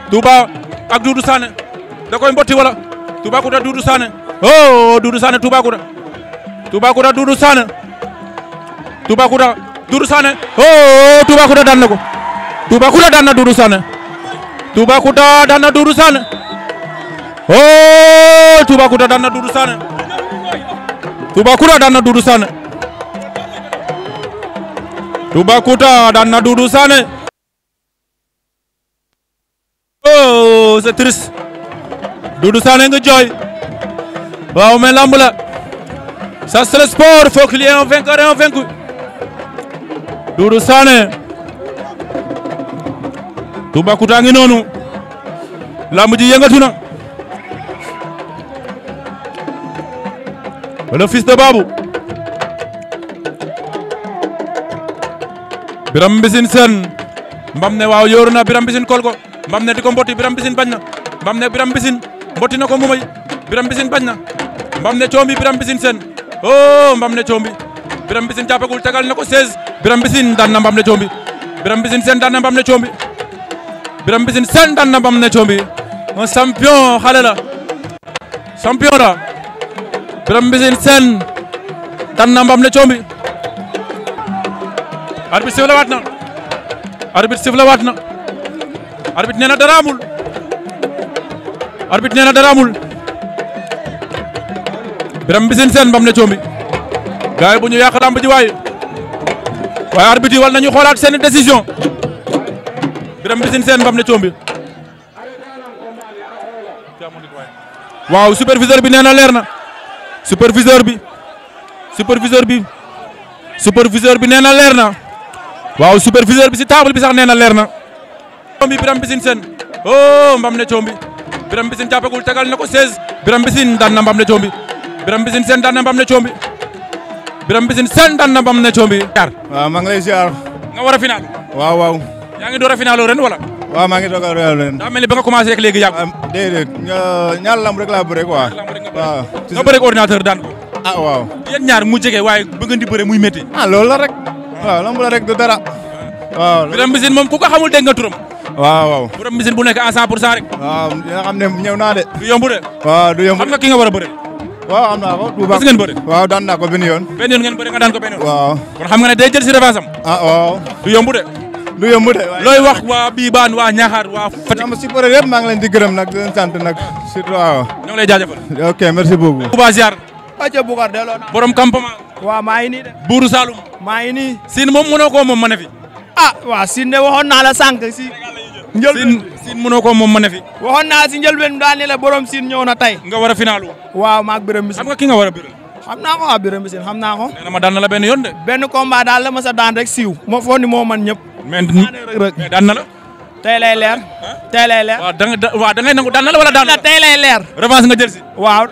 Touba ak Doudou Sané da koy mbotti wala Toubacouta Doudou Sané oh Doudou Sané Toubacouta Toubacouta Doudou Sané Toubacouta Doudou Sané oh Toubacouta daan na ko Toubacouta daan na Doudou Sané Toubacouta daan na Doudou Sané oh Toubacouta daan na Doudou Sané Toubacouta daan na Doudou Sané Toubacouta daan na Doudou Sané oh, jooy waaw mais lamb la ça c'est le sport faut Doudou Sané Toubacouta ngi noonu lamb ji yëngatu na le Biram Mbissine Sène mbam ne waaw yóoru na Biram Mbissine kol ko mbam ne di ko mbotti Biram Mbissine bañ na mbam ne Biram Mbissine mbotti na ko mumay Biram Mbissine bañ na mbam ne coombi Biram Mbissine Sène oh mbam ne coombi Biram Mbissine jàppagul tegal na ko 16 Birame Mbissine daan na mbam ne coombi Birame Mbissine Sène daan na mbam ne coombi Birame Mbissine Sène daan na mbam ne coombi un champion xale la champion la Birame Mbissine Sène daan na mbam ne coombi arbitre sifla waat na arbitre sifla waat na arbitre nee na dara amul arbitre nee na dara amul Birame Mbissine Sène mbam ne coombi gaay bu ñu yàq lamb ji waaye waaye arbitre yi war nañu xoolaat seen décision Birame Mbissine Sène Mbam ne coombi waaw superviseur bi nee na leer na superviseur bi superviseur bi superviseur bi nee na leer na waaw superviseur bi si table bi sax nee na leer na coombi Birame Mbissine Sène oh Mbam ne coombi Birame Mbissine jàppagul tegal na ko 16 Birame Mbissine daan na Mbam ne coombi Birame Mbissine Sène daan na Mbam ne Birame Mbissine seetaan na ba mu ne coombi. waaw maa ngi lay ziar. nga waaw waaw. yaa ngi door a finaloo ren wala. waaw maa ngi doog a finaloo mel ni ba nga commencé rek léegi yàgg. déedéet ñaar lamb rek laa bëre quoi. waaw nga bëre ordinateur daan ah, waaw. yéen ñaar mu jege waaye ba ngeen di bëre muy métti. ah la rek. Ah. waaw lamb la rek du dara. waaw Birame Mbissine moom ku xamul dégg nga turam. waaw waaw Birame Mbissine bu nekk à 100 pour cent rek. waaw dina xam ne ñëw naa de. du yomb de. waaw du yomb de xam nga ki nga war a bëre. waaw am naa ko. Touba gis ngeen bëri. waaw daan naa ko benn yoon. benn yoon ngeen bëri nga daan ko benn yoon. waaw kon xam nga ne day jël si revanche am. ah waaw. du yomb de. du yomb de looy wax waa Biibaan waa Ñaaxaar waa Fatick. si projet yëpp maa ngi leen di gërëm nag di leen sant nag surtout waaw. ñoo ngi lay jaajëfal. ok merci beaucoup. Touba ziar. rajo Boucar borom campement. ngi
nii de. Buuru Saloum. maa ngi nii. Sine moom mënoo koo moom ma ne a ah waaw Sine de waxoon naa la sànq si. njëlbeen siin mënoo ko moom ma ne fi. waxoon naa si njëlbeen bi daal ne la borom siin ñëw na tey. nga war a final. waaw maag Birame Mbissine. xam nga ki nga war a Birame. xam naa ko waaw ah, Birame Mbissine xam naa ko. nee ma daan la benn yoon de. benn combat daal la daan rek siiw. ma foog ni moo man ñëpp. mais mais
daan na la. lay leer. tey lay leer. waaw da nga da waaw da ngay nangu daan na la wala daan na la tey lay leer. revanche nga jël si. waaw.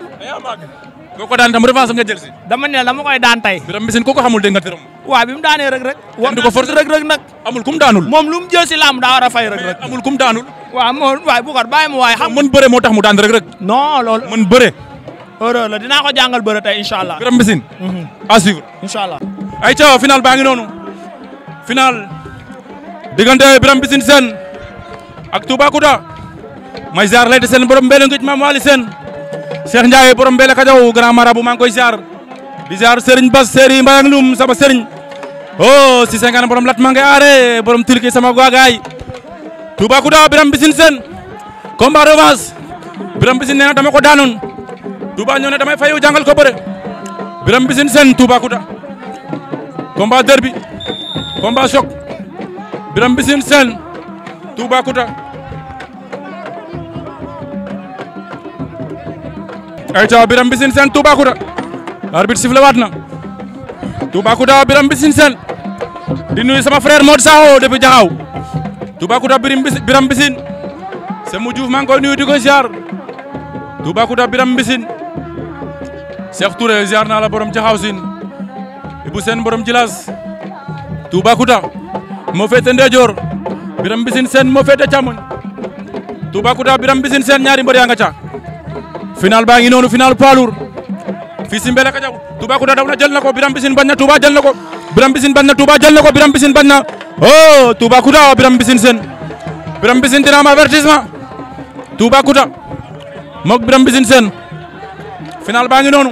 boo ko daan tam revanche nga jël si. dama ne la dama koy daan tey. Birame ko xamul dégg nga tëram waaw bi mu daanee rek rek. war naa ko rek rek nag. amul kum daanul moom lu mu jël si
làmb daa war a fay rek rek. amul kum daanul. waaw moom waaye bu ko bàyyi mu waaye xam mën bëre moo tax mu daan rek rek. non loolu mën bëre. heure la dinaa ko jàngal bëre tey incha allah. Birame Mbissine. Mhm. à suivre. incha allah.
ay ca final baa ngi noonu. final. diggante Birame Mbissine Sène ak Toubacouta. may ziar lay di seen borom mbéy la ngëj maam Waly Sène. Cheikh Ndiaye borom mbéy la Kajaw grand marabout maa ngi koy ziar. di ziar Serigne Bass Serigne Mbayang Loum sama Serigne. oh si sengane borom latma ngay aare borom tilki sama gaagaay Toubacouta Birame Mbissine Sène combat revanche Birame Mbissine nee na dama ko daanoon Touba ñoo ne damay fayu jàngal ko bëre Birame Mbissine Sène Toubacouta combat derby combat choc Birame Mbissine Sène Toubacouta ay ca Birame Mbissine Sène Toubacouta arbitre sifflé waat na Toubacouta biram Mbissine sen di nuyu sama frère Modou Sakho depuis Diakhaw Toubacouta Birame Birame Mbissine Sémou Diouf maa ngi koy nuyu di ko ziar Toubacouta Birame Mbissine Cheikh Touré ziar la borom Diakhaw Sine Ibou Sène borom Djilas Toubacouta moo féete ndeyjoor Birame Mbissine Sène moo féete càmmoñ Toubacouta Birame Mbissine Sène ñaari mbër yaa nga ca baa ngi noonu final poids fii si Mbele Kajaw Toubacouta daw na jël na ko Biram Bisin bañ na Touba jël na ko Biram Bisin bañ na Touba jël na ko Biram Bisin bañ na oh Toubacouta oh, Biram Bisin seen Biram Bisin dina am avertissement Toubacouta moog Biram Bisin seen final baa ngi noonu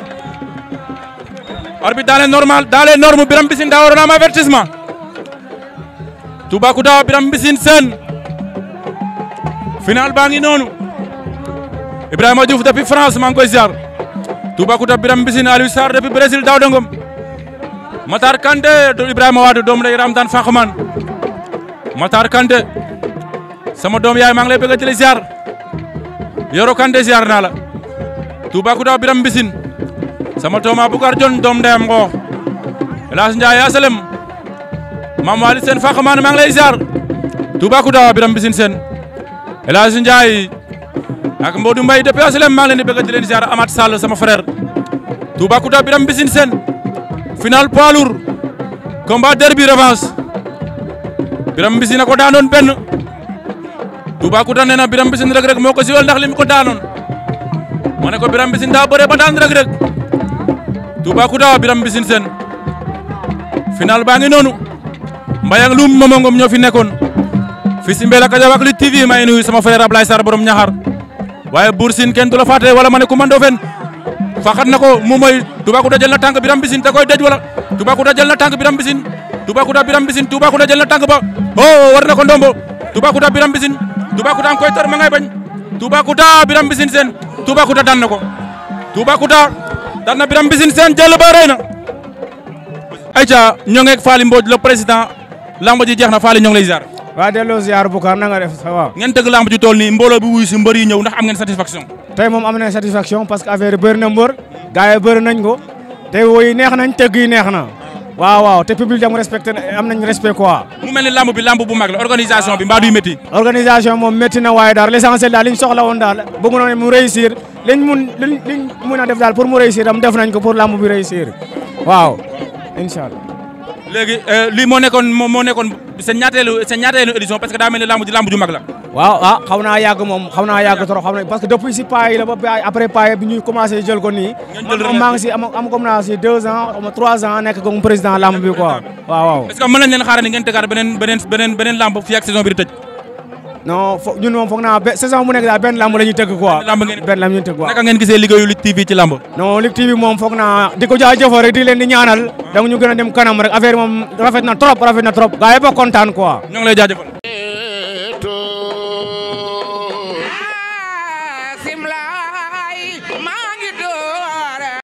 arbitre daale normal daale norme Biram Bisin daa waroon am avertissement Toubacouta Biram Bisin seen final baa ngi noonu Ibrahima Diouf depuis France maa ngi koy ziar. Toubacouta Birame Mbissine Aliou Sarr depuis Brésil Daouda Ngom Matar Kanté Ibrahima Wade doomu day Ramdan Fankhaman Matar Kanté sama doom yaay maa ngi lay bëgg a jëlee ziar naa la Toubacouta Birame Mbissine sama tooma Boucar Dione doom ndeyam ngoox Elas Ndiaye asalem Mame Waly Sène Fankhaman maa ngi lay ziar Toubacouta Birame Mbissine Sène Elas Ndiaye ak Modou Mbaye depuis HLM maa ngi leen di bëgg di leen ziar Amath Sall sama frère. Toubacouta Birame Bissine Sène final poids lourd combat derby revanche Birame Bissine ko daanoon benn Toubacouta nee na Birame Bissine Reug Reug moo ko siwal ndax li ko daanoon ma ne ko Birame Bissine daa bëree ba daan Reug Reug Toubacouta Birame Bissine Sène final baa ngi noonu Mbayang Loum Momo Ngom ñoo fi nekkoon fi si Mbellacadiao ak Lutte may nuyu sama frère Ablaye Sarr borom Ñaxar waaye Bour Sine kenn du la fàtte wala ma ne Coumba Ndoffène faxat na ko mu mooy Toubacouta jël na tànk Birame Mbissine da koy dej wala Toubacouta jël na tànk Birame Mbissine Toubacouta Birame Mbissine Toubacouta jël na tànk ba oh war na ko ndombo Toubacouta Birame Mbissine Toubacouta am koy tar ma ngay bañ Toubacouta Birame Mbissine seen Toubacouta daan na ko Toubacouta daan na Birame Mbissine seen jël ba rëy na ayca ñoo ngeeg Faly Mbodj le président lamba ji jeex na Faly ñoo ngi lay ziar waa delloo
ziar Boucar na nga def ça va. ngeen dëgg lamb ji tool nii mbooloo bi si mbër yi ñëw ndax am ngeen satisfaction. tey moom am nañ satisfaction parce que affaire yi mbër gars yi bëri te woy neex nañ tëgg yi neex na. waaw waaw te public am respecté am nañ respect quoi.
mu mel ni lamb bi lamb bu mag la organisation bi
mbaa duy métti. organisation moom métti na waaye daal l' essentiel daal li ñu soxla woon daal bëgg na ne mu réussir liñ mun liñ a def daal pour mu réussir am def
léegi euh, lii moo nekkoon moom moo nekkoon seen ñaateelu seen ñaateelu édition parce que daa
mel ni lamb ji lamb la. waaw ah xaw naa yàgg moom xaw naa yàgg trop xaw na parce que depuis si paa yi la ba après paa bi ñuy commencé jël ko nii. si am am si deux ans trois ans nekk comme président lamb bi quoi waaw
waaw. est que mën nañ leen xaarandi ngeen tegaat beneen beneen beneen beneen lamb fii ak
non fo ñun moom foog naa benn saison bu nekk daal benn lamb la ñuy tëgg quoi. benn lamb la ñuy tëgg quoi. naka
ngeen gisee liggéeyu Lutte TV ci lamb.
non Lutte TV moom foog naa di ko jaajëfal rek di leen di ñaanal. Ah. donc ñu gën a dem kanam rek affaire moom rafet na trop rafet na trop. gars yëpp kontaan quoi.